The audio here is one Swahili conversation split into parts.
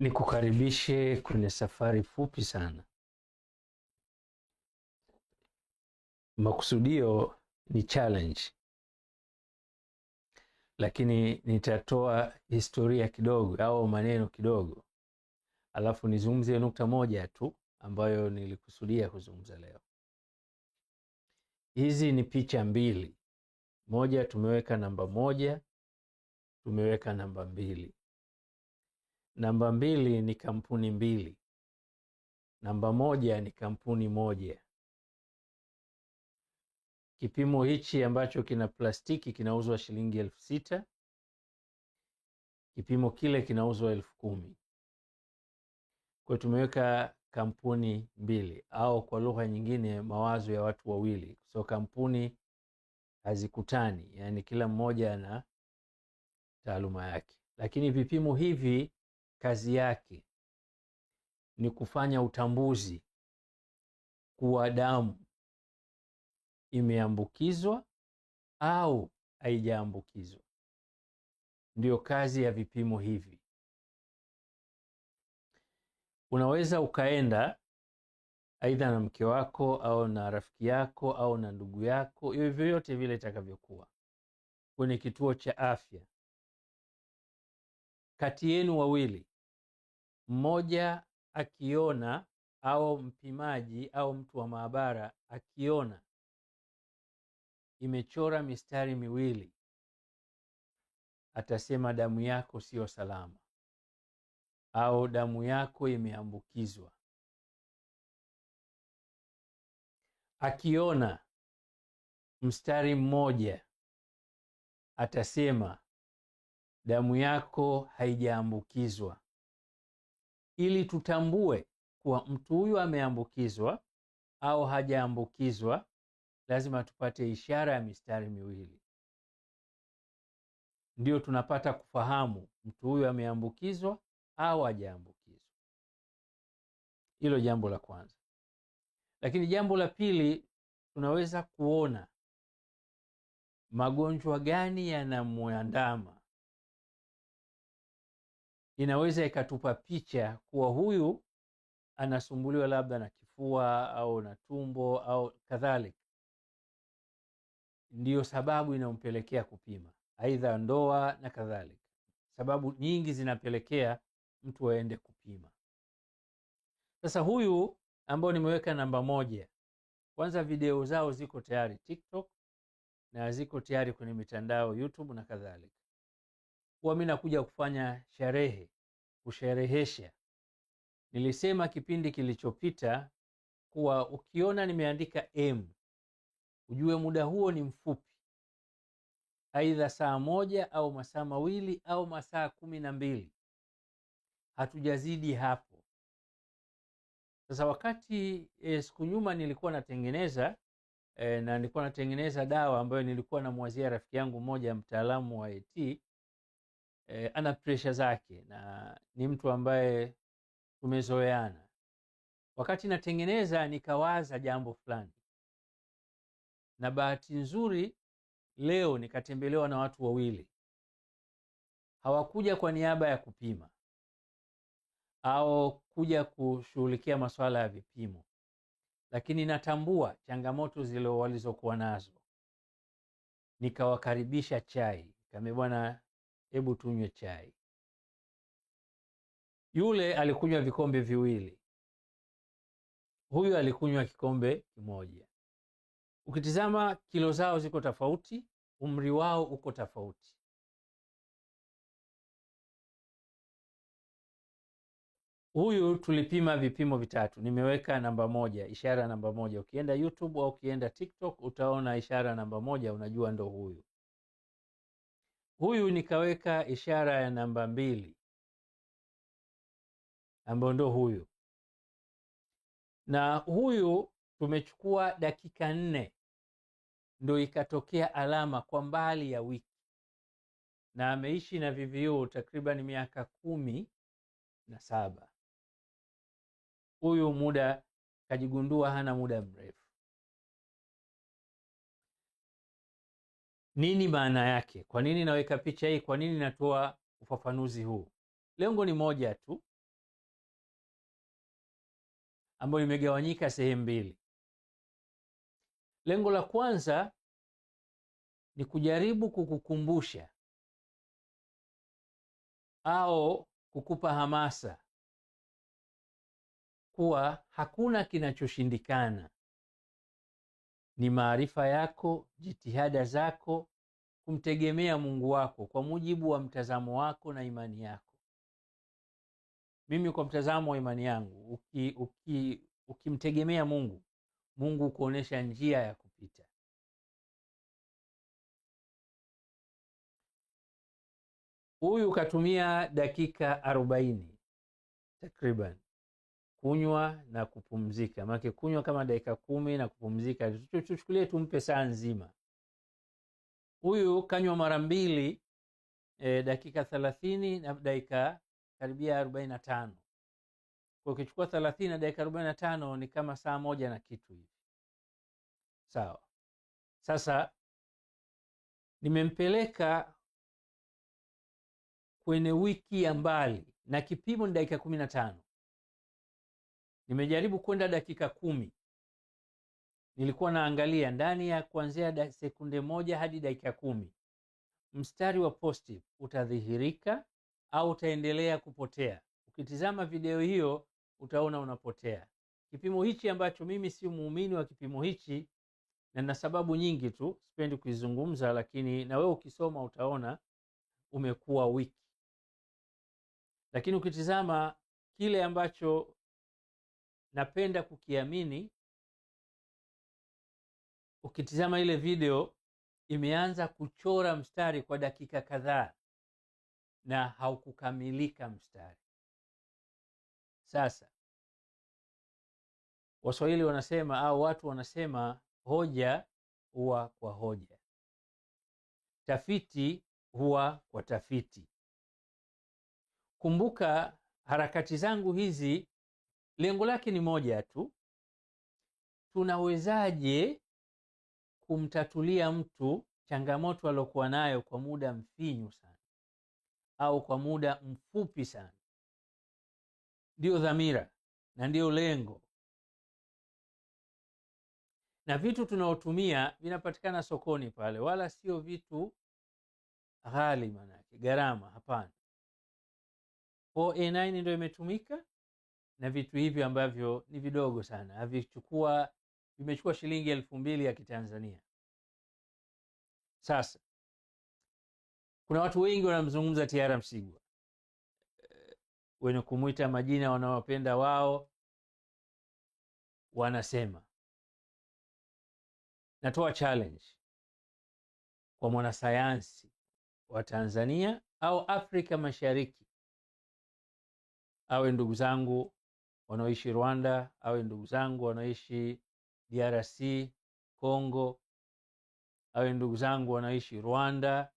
Nikukaribishe kwenye safari fupi sana. Makusudio ni challenge, lakini nitatoa historia kidogo au maneno kidogo, alafu nizungumzie nukta moja tu ambayo nilikusudia kuzungumza leo. Hizi ni picha mbili, moja tumeweka namba moja, tumeweka namba mbili Namba mbili ni kampuni mbili. Namba moja ni kampuni moja. Kipimo hichi ambacho kina plastiki kinauzwa shilingi elfu sita. Kipimo kile kinauzwa elfu kumi. Kwa tumeweka kampuni mbili, au kwa lugha nyingine mawazo ya watu wawili. So kampuni hazikutani, yaani kila mmoja ana taaluma yake, lakini vipimo hivi kazi yake ni kufanya utambuzi kuwa damu imeambukizwa au haijaambukizwa. Ndiyo kazi ya vipimo hivi. Unaweza ukaenda aidha na mke wako au na rafiki yako au na ndugu yako, vyovyote vile itakavyokuwa, kwenye kituo cha afya, kati yenu wawili mmoja akiona au mpimaji au mtu wa maabara akiona imechora mistari miwili, atasema damu yako siyo salama au damu yako imeambukizwa. Akiona mstari mmoja, atasema damu yako haijaambukizwa ili tutambue kuwa mtu huyu ameambukizwa au hajaambukizwa, lazima tupate ishara ya mistari miwili, ndiyo tunapata kufahamu mtu huyu ameambukizwa au hajaambukizwa. Hilo jambo la kwanza. Lakini jambo la pili, tunaweza kuona magonjwa gani yanamwandama inaweza ikatupa picha kuwa huyu anasumbuliwa labda na kifua au na tumbo au kadhalika, ndiyo sababu inayompelekea kupima, aidha ndoa na kadhalika. Sababu nyingi zinapelekea mtu aende kupima. Sasa huyu ambao nimeweka namba moja, kwanza video zao ziko tayari TikTok na ziko tayari kwenye mitandao YouTube na kadhalika huwa mi nakuja kufanya sherehe, kusherehesha. Nilisema kipindi kilichopita kuwa ukiona nimeandika m ujue muda huo ni mfupi, aidha saa moja au masaa mawili au masaa kumi na mbili, hatujazidi hapo. Sasa wakati e, siku nyuma nilikuwa natengeneza e, na nilikuwa natengeneza dawa ambayo nilikuwa namwazia rafiki yangu mmoja mtaalamu wa eh, ana presha zake na ni mtu ambaye tumezoeana. Wakati natengeneza nikawaza jambo fulani, na bahati nzuri leo nikatembelewa na watu wawili. Hawakuja kwa niaba ya kupima au kuja kushughulikia masuala ya vipimo, lakini natambua changamoto zile walizokuwa nazo, nikawakaribisha chai, kama bwana hebu tunywe chai. Yule alikunywa vikombe viwili, huyu alikunywa kikombe kimoja. Ukitizama kilo zao ziko tofauti, umri wao uko tofauti. Huyu tulipima vipimo vitatu, nimeweka namba moja, ishara namba moja. Ukienda YouTube au ukienda TikTok utaona ishara namba moja, unajua ndo huyu huyu nikaweka ishara ya namba mbili ambayo ndo huyu na huyu tumechukua dakika nne ndo ikatokea alama kwa mbali ya wiki, na ameishi na VVU takriban miaka kumi na saba. Huyu muda kajigundua hana muda mrefu. Nini maana yake? Kwa nini naweka picha hii? Kwa nini natoa ufafanuzi huu? Lengo ni moja tu ambayo imegawanyika sehemu mbili. Lengo la kwanza ni kujaribu kukukumbusha au kukupa hamasa kuwa hakuna kinachoshindikana ni maarifa yako, jitihada zako, kumtegemea Mungu wako kwa mujibu wa mtazamo wako na imani yako. Mimi kwa mtazamo wa imani yangu, uki, uki, ukimtegemea Mungu, Mungu kuonyesha njia ya kupita. Huyu katumia dakika arobaini takriban kunywa na kupumzika. Maana kunywa kama dakika kumi na kupumzika, tuchukulie tumpe saa nzima. Huyu kanywa mara mbili e, dakika thelathini na dakika karibia arobaini na tano kwa ukichukua thelathini na dakika arobaini na tano ni kama saa moja na kitu hivi, sawa. Sasa nimempeleka kwenye wiki ya mbali na kipimo ni dakika kumi na tano Nimejaribu kwenda dakika kumi, nilikuwa naangalia ndani ya kuanzia sekunde moja hadi dakika kumi mstari wa positive utadhihirika au utaendelea kupotea. Ukitizama video hiyo utaona unapotea. Kipimo hichi ambacho mimi si muumini wa kipimo hichi na na sababu nyingi tu sipendi kuizungumza, lakini na wewe ukisoma utaona umekuwa wiki. Lakini ukitizama kile ambacho napenda kukiamini. Ukitizama ile video imeanza kuchora mstari kwa dakika kadhaa na haukukamilika mstari. Sasa Waswahili wanasema au watu wanasema hoja huwa kwa hoja, tafiti huwa kwa tafiti. Kumbuka harakati zangu hizi Lengo lake ni moja tu, tunawezaje kumtatulia mtu changamoto aliokuwa nayo kwa muda mfinyu sana au kwa muda mfupi sana. Ndiyo dhamira na ndiyo lengo, na vitu tunaotumia vinapatikana sokoni pale, wala sio vitu ghali, manake gharama, hapana. O A9 ndio imetumika na vitu hivyo ambavyo ni vidogo sana, havichukua vimechukua shilingi elfu mbili ya Kitanzania. Sasa kuna watu wengi wanamzungumza tiara Msigwa, eh, wenye kumwita majina wanaowapenda wao, wanasema natoa challenge kwa mwanasayansi wa Tanzania au Afrika Mashariki awe ndugu zangu wanaoishi Rwanda, awe ndugu zangu wanaoishi DRC Congo, awe ndugu zangu wanaoishi Rwanda,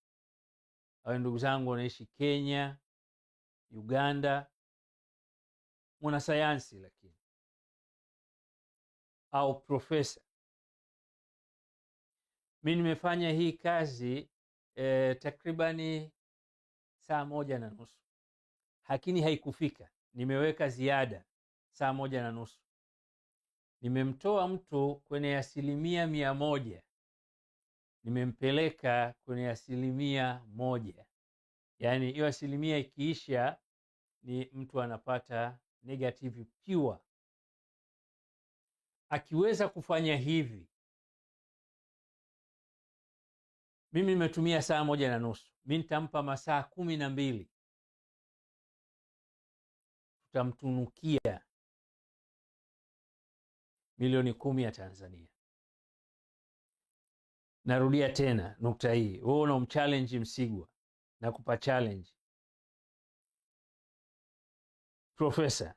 awe ndugu zangu wanaishi Kenya, Uganda, mwanasayansi lakini au profesa. Mi nimefanya hii kazi eh, takribani saa moja na nusu, lakini haikufika. Nimeweka ziada saa moja na nusu. Nimemtoa mtu kwenye asilimia mia moja nimempeleka kwenye asilimia moja. Yaani hiyo asilimia ikiisha, ni mtu anapata negative pure. Akiweza kufanya hivi, mimi nimetumia saa moja na nusu, mi nitampa masaa kumi na mbili, tutamtunukia milioni kumi ya Tanzania. Narudia tena nukta hii, wewe unamchallenge Msigwa, nakupa challenge profesa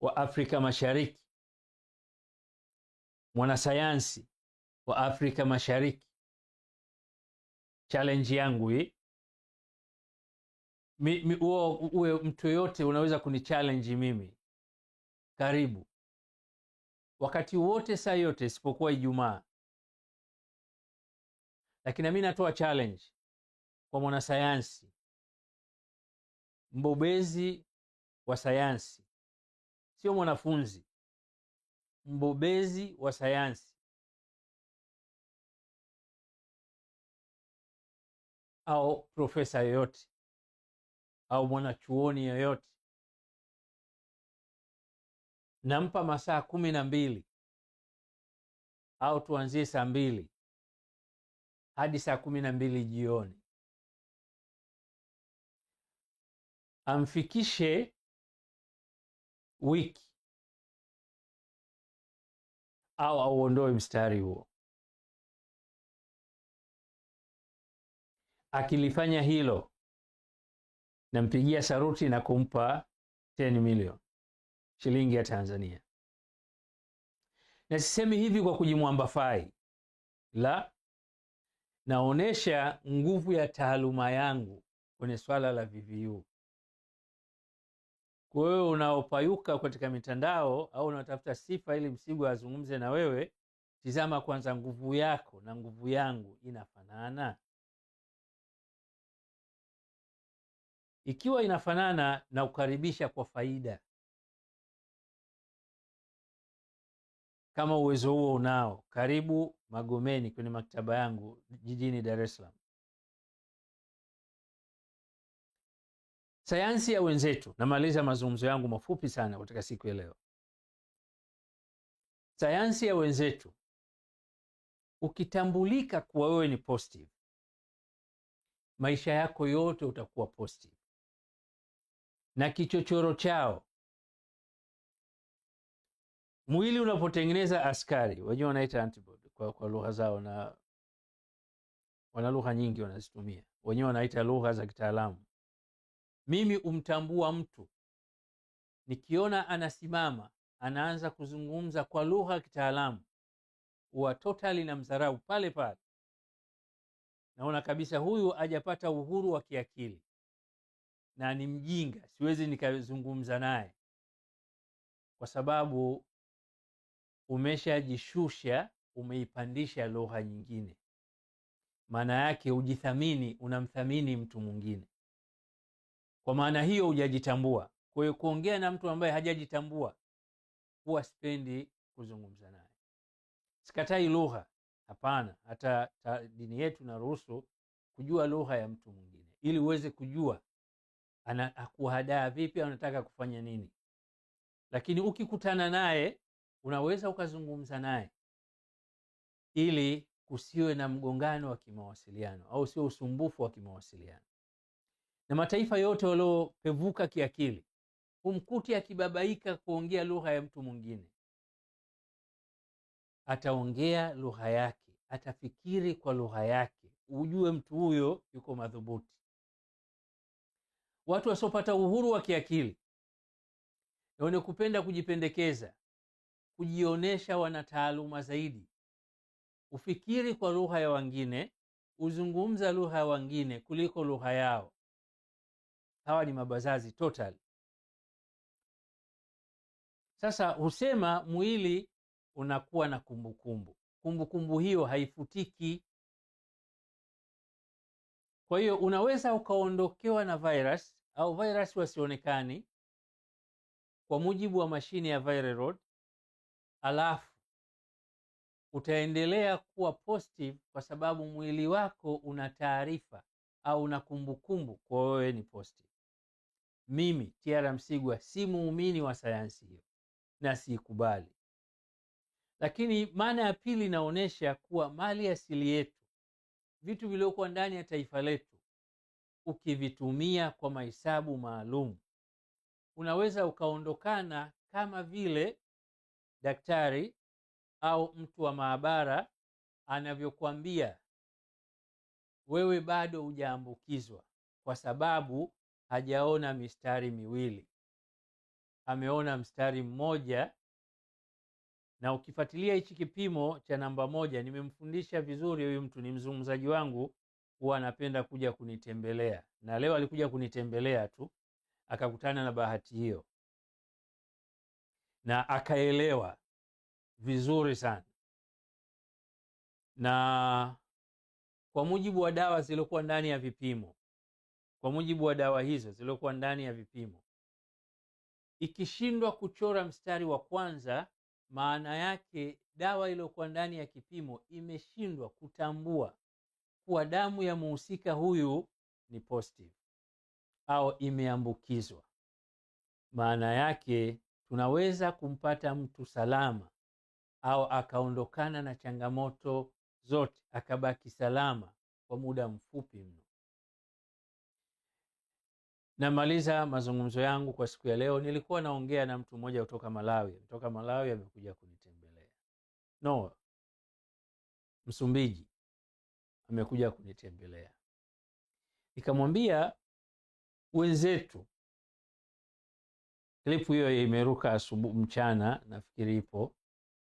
wa Afrika Mashariki, mwanasayansi wa Afrika Mashariki. Challenge yangu hii, uwe mtu yoyote unaweza kunichallenge mimi, karibu wakati wote, saa yote isipokuwa Ijumaa. Lakini nami natoa challenge kwa mwanasayansi mbobezi wa sayansi, sio mwanafunzi, mbobezi wa sayansi au profesa yoyote au mwanachuoni yoyote nampa masaa kumi na mbili au tuanzie saa mbili hadi saa kumi na mbili jioni, amfikishe wiki au auondoe mstari huo. Akilifanya hilo, nampigia saruti na kumpa 10 milioni shilingi ya Tanzania. Na sisemi hivi kwa kujimwambafai, la, naonesha nguvu ya taaluma yangu kwenye swala la VVU. Kwa hiyo unaopayuka katika mitandao au unaotafuta sifa ili Msigwa azungumze na wewe, tizama kwanza nguvu yako na nguvu yangu inafanana. Ikiwa inafanana, na kukaribisha kwa faida. kama uwezo huo unao, karibu Magomeni kwenye maktaba yangu jijini Dar es Salaam. Sayansi ya wenzetu, namaliza mazungumzo yangu mafupi sana katika siku ya leo. Sayansi ya wenzetu, ukitambulika kuwa wewe ni positive, maisha yako yote utakuwa positive, na kichochoro chao mwili unapotengeneza askari, wenyewe wanaita antibody kwa, kwa lugha zao, na wana lugha nyingi wanazitumia wenyewe, wanaita lugha za kitaalamu. Mimi umtambua mtu nikiona anasimama anaanza kuzungumza kwa lugha ya kitaalamu, huwa totali na mdharau pale pale. Naona kabisa huyu ajapata uhuru wa kiakili na ni mjinga, siwezi nikazungumza naye kwa sababu umeshajishusha, umeipandisha lugha nyingine. Maana yake ujithamini, unamthamini mtu mwingine. Kwa maana hiyo hujajitambua. Kwa hiyo kuongea na mtu ambaye hajajitambua huwa sipendi kuzungumza naye. Sikatai lugha, hapana. Hata dini yetu naruhusu kujua lugha ya mtu mwingine, ili uweze kujua anakuhadaa vipi, anataka kufanya nini. Lakini ukikutana naye unaweza ukazungumza naye ili kusiwe na mgongano wa kimawasiliano au sio usumbufu wa kimawasiliano. Na mataifa yote waliopevuka kiakili humkuti akibabaika kuongea lugha ya mtu mwingine, ataongea lugha yake, atafikiri kwa lugha yake, ujue mtu huyo yuko madhubuti. Watu wasiopata uhuru wa kiakili na wenye kupenda kujipendekeza kujionyesha wanataaluma zaidi, ufikiri kwa lugha ya wengine, uzungumza lugha ya wengine kuliko lugha yao. Hawa ni mabazazi total. Sasa husema mwili unakuwa na kumbukumbu, kumbukumbu kumbu hiyo haifutiki. Kwa hiyo unaweza ukaondokewa na virus au virus wasionekani, kwa mujibu wa mashine ya viral Road, alafu utaendelea kuwa positive kwa sababu mwili wako una taarifa au una kumbukumbu kwa wewe ni positive. Mimi T.R. Msigwa si muumini wa sayansi hiyo na siikubali. Lakini maana ya pili inaonyesha kuwa mali asili yetu, vitu vilivyokuwa ndani ya taifa letu, ukivitumia kwa mahesabu maalum, unaweza ukaondokana kama vile daktari au mtu wa maabara anavyokuambia wewe bado hujaambukizwa, kwa sababu hajaona mistari miwili, ameona mstari mmoja. Na ukifuatilia hichi kipimo cha namba moja, nimemfundisha vizuri huyu mtu, ni mzungumzaji wangu, huwa anapenda kuja kunitembelea, na leo alikuja kunitembelea tu akakutana na bahati hiyo na akaelewa vizuri sana, na kwa mujibu wa dawa zilizokuwa ndani ya vipimo, kwa mujibu wa dawa hizo zilizokuwa ndani ya vipimo, ikishindwa kuchora mstari wa kwanza, maana yake dawa iliyokuwa ndani ya kipimo imeshindwa kutambua kuwa damu ya muhusika huyu ni positive au imeambukizwa. Maana yake tunaweza kumpata mtu salama au akaondokana na changamoto zote akabaki salama kwa muda mfupi mno. Namaliza mazungumzo yangu kwa siku ya leo. Nilikuwa naongea na mtu mmoja kutoka Malawi, kutoka Malawi amekuja kunitembelea no, Msumbiji, amekuja kunitembelea. Nikamwambia wenzetu klipu hiyo imeruka asubuhi, mchana nafikiri ipo.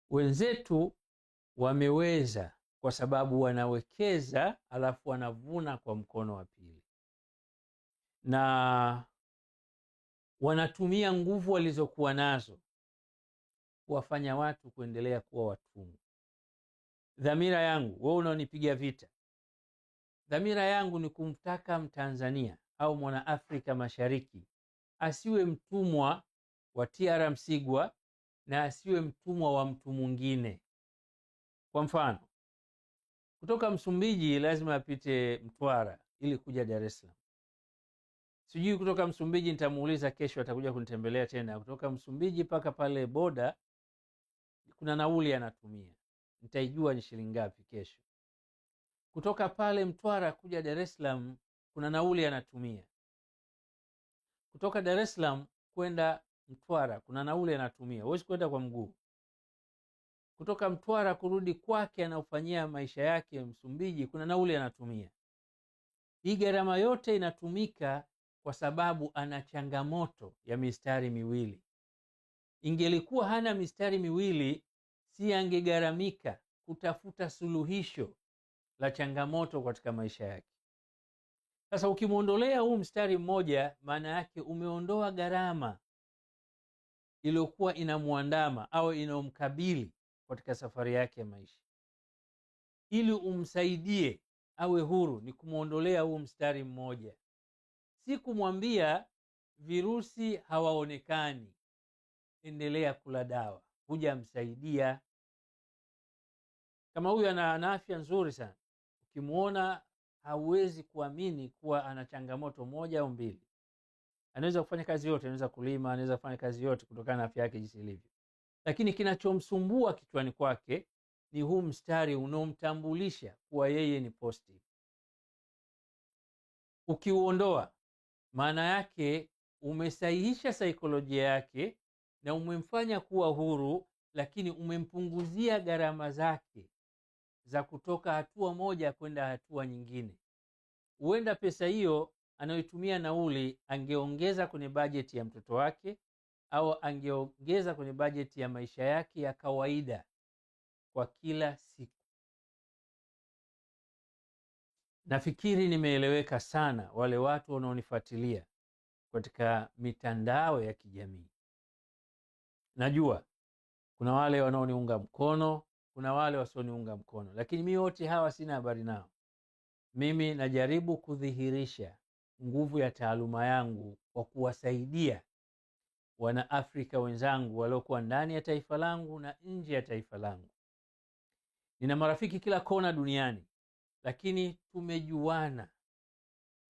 Wenzetu wameweza kwa sababu wanawekeza alafu wanavuna kwa mkono wa pili, na wanatumia nguvu walizokuwa nazo kuwafanya watu kuendelea kuwa watumwa. Dhamira yangu, wewe unaonipiga vita, dhamira yangu ni kumtaka Mtanzania au Mwanaafrika Mashariki asiwe mtumwa wa TR Msigwa na asiwe mtumwa wa mtu mwingine. Kwa mfano, kutoka Msumbiji lazima apite Mtwara ili kuja Dar es Salaam. Sijui kutoka Msumbiji, nitamuuliza kesho, atakuja kunitembelea tena. Kutoka Msumbiji mpaka pale boda kuna nauli anatumia, nitaijua ni shilingi ngapi kesho. Kutoka pale Mtwara kuja Dar es Salaam kuna nauli anatumia, kutoka Dar es Salaam kwenda Mtwara kuna nauli anatumia, huwezi kwenda kwa mguu. Kutoka Mtwara kurudi kwake anaofanyia maisha yake Msumbiji kuna nauli anatumia. Hii gharama yote inatumika kwa sababu ana changamoto ya mistari miwili. Ingelikuwa hana mistari miwili, si angegharamika kutafuta suluhisho la changamoto katika maisha yake. Sasa ukimwondolea huu mstari mmoja, maana yake umeondoa gharama iliyokuwa inamwandama au inayomkabili katika safari yake ya maisha. Ili umsaidie awe huru, ni kumwondolea huu mstari mmoja, si kumwambia virusi hawaonekani, endelea kula dawa. Hujamsaidia. Kama huyu ana afya nzuri sana, ukimwona hauwezi kuamini kuwa ana changamoto moja au mbili. Anaweza kufanya kazi yote, anaweza kulima, anaweza kufanya kazi yote kutokana na afya yake jinsi ilivyo, lakini kinachomsumbua kichwani kwake ni huu mstari unaomtambulisha kuwa yeye ni positive. Ukiuondoa, maana yake umesahihisha saikolojia yake na umemfanya kuwa huru, lakini umempunguzia gharama zake za kutoka hatua moja kwenda hatua nyingine. Huenda pesa hiyo anayoitumia nauli angeongeza kwenye bajeti ya mtoto wake au angeongeza kwenye bajeti ya maisha yake ya kawaida kwa kila siku. Nafikiri nimeeleweka sana, wale watu wanaonifuatilia katika mitandao ya kijamii. Najua kuna wale wanaoniunga mkono kuna wale wasioniunga mkono, lakini mi wote hawa sina habari nao. Mimi najaribu kudhihirisha nguvu ya taaluma yangu kwa kuwasaidia wanaafrika wenzangu waliokuwa ndani ya taifa langu na nje ya taifa langu. Nina marafiki kila kona duniani, lakini tumejuana,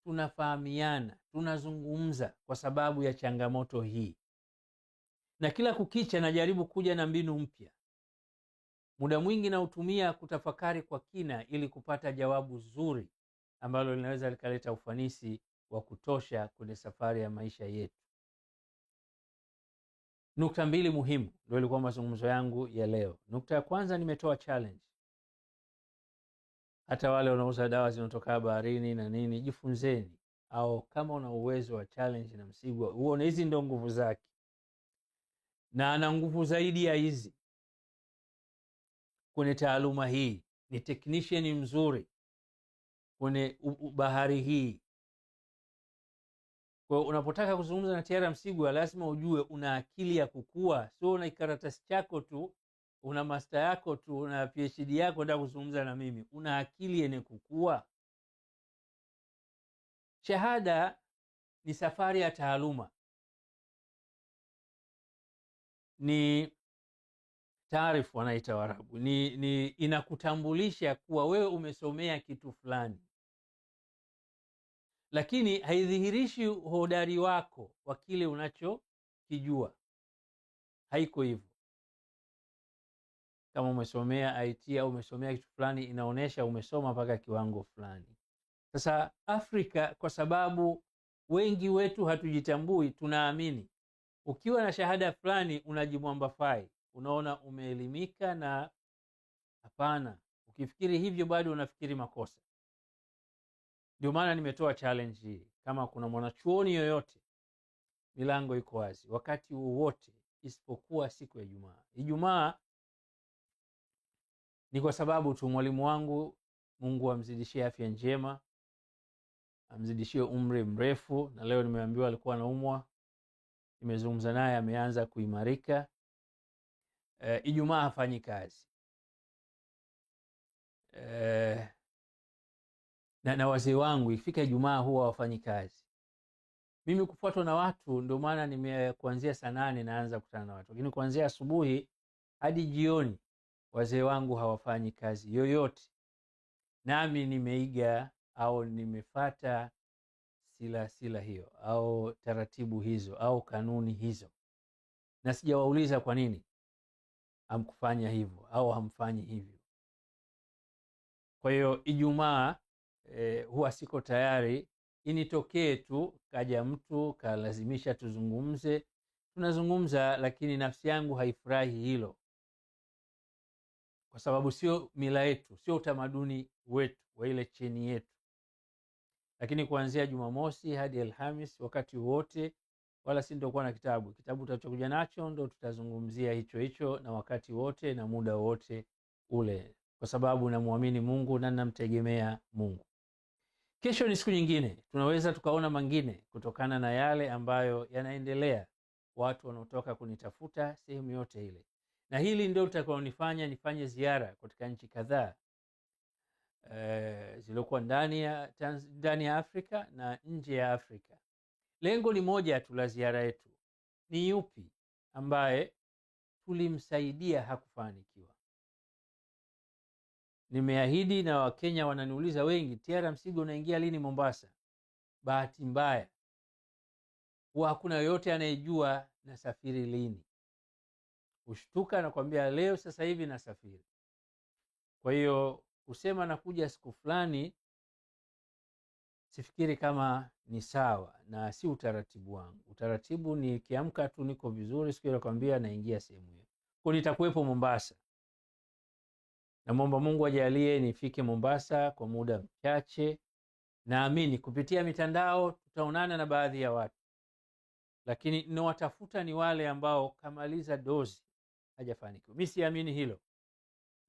tunafahamiana, tunazungumza kwa sababu ya changamoto hii, na kila kukicha najaribu kuja na mbinu mpya Muda mwingi nautumia kutafakari kwa kina ili kupata jawabu zuri ambalo linaweza likaleta ufanisi wa kutosha kwenye safari ya maisha yetu. Nukta mbili muhimu ndio ilikuwa mazungumzo yangu ya leo. Nukta ya kwanza, nimetoa challenge hata wale wanauza dawa zinazotoka baharini na nini, jifunzeni, au kama una uwezo wa challenge na huo, na hizi ndio nguvu zake, na ana nguvu zaidi ya hizi kwenye taaluma hii, ni technician mzuri kwenye bahari hii. Kwa hiyo unapotaka kuzungumza na T.R. Msigwa lazima ujue una akili ya kukua, sio una kikaratasi chako tu, una masta yako tu, una PhD yako enda kuzungumza na mimi. Una akili yenye kukua. Shahada ni safari ya taaluma, ni taarifu wanaita warabu ni, ni inakutambulisha kuwa wewe umesomea kitu fulani, lakini haidhihirishi uhodari wako wa kile unachokijua. Haiko hivyo. Kama umesomea IT au umesomea kitu fulani, inaonyesha umesoma mpaka kiwango fulani. Sasa Afrika, kwa sababu wengi wetu hatujitambui, tunaamini ukiwa na shahada fulani unajimwambafai unaona umeelimika na hapana ukifikiri hivyo bado unafikiri makosa ndio maana nimetoa challenge hii kama kuna mwanachuoni yoyote milango iko wazi wakati wowote isipokuwa siku ya ijumaa ijumaa ni kwa sababu tu mwalimu wangu mungu amzidishie afya njema amzidishie umri mrefu na leo nimeambiwa alikuwa anaumwa nimezungumza naye ameanza kuimarika e, Ijumaa hafanyi kazi e, na, na wazee wangu ikifika Ijumaa huwa hawafanyi kazi. Mimi kufuatwa na watu, ndio maana nimekuanzia saa nane naanza kukutana na watu, lakini kuanzia asubuhi hadi jioni wazee wangu hawafanyi kazi yoyote. Nami nimeiga au nimefata silasila hiyo au taratibu hizo au kanuni hizo, na sijawauliza kwa nini hamkufanya hivyo au hamfanyi hivyo. Kwa hiyo Ijumaa e, huwa siko tayari initokee tu kaja mtu kalazimisha tuzungumze, tunazungumza, lakini nafsi yangu haifurahi hilo, kwa sababu sio mila yetu, sio utamaduni wetu wa ile cheni yetu. Lakini kuanzia Jumamosi hadi Alhamis, wakati wote wala si ndokuwa na kitabu. Kitabu tutachokuja nacho ndo tutazungumzia hicho hicho, na wakati wote na muda wote ule, kwa sababu namwamini Mungu na namtegemea Mungu. Kesho ni siku nyingine, tunaweza tukaona mangine kutokana na yale ambayo yanaendelea, watu wanaotoka kunitafuta sehemu yote ile, na hili ndio litakaonifanya nifanye ziara katika nchi kadhaa e, zilizokuwa ndani ya Afrika na nje ya Afrika Lengo ni moja tu la ziara yetu. Ni yupi ambaye tulimsaidia hakufanikiwa? Nimeahidi na Wakenya wananiuliza wengi, tiara msigo unaingia lini Mombasa? Bahati mbaya huwa hakuna yoyote anayejua nasafiri lini. Hushtuka nakwambia leo sasa hivi nasafiri. Kwa hiyo kusema nakuja siku fulani sifikiri kama ni sawa na si utaratibu wangu. Utaratibu ni kiamka tu niko vizuri, siku nakwambia naingia sehemu hiyo. Kwa nitakuwepo Mombasa, namwomba Mungu ajalie nifike Mombasa kwa muda mchache. Naamini kupitia mitandao tutaonana na baadhi ya watu, lakini nawatafuta ni wale ambao kamaliza dozi hajafanikiwa. Mi siamini hilo,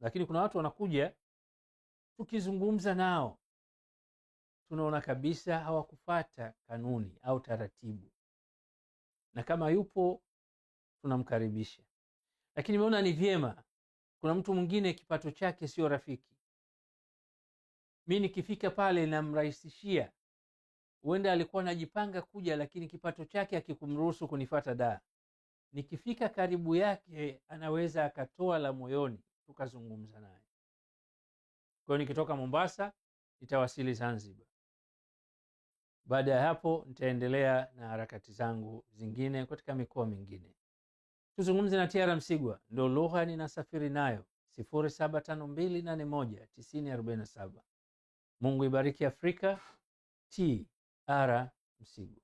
lakini kuna watu wanakuja tukizungumza nao tunaona kabisa hawakufata kanuni au taratibu, na kama yupo tunamkaribisha. Lakini imeona ni vyema, kuna mtu mwingine kipato chake sio rafiki, mi nikifika pale namrahisishia. Huenda alikuwa anajipanga kuja, lakini kipato chake akikumruhusu kunifata daa, nikifika karibu yake anaweza akatoa la moyoni, tukazungumza naye. kwayo nikitoka Mombasa nitawasili Zanzibar. Baada ya hapo, nitaendelea na harakati zangu zingine katika mikoa mingine. Tuzungumze na T.R. Msigwa, ndo lugha ninasafiri nayo, 0752819047. Mungu ibariki Afrika. T.R. Msigwa.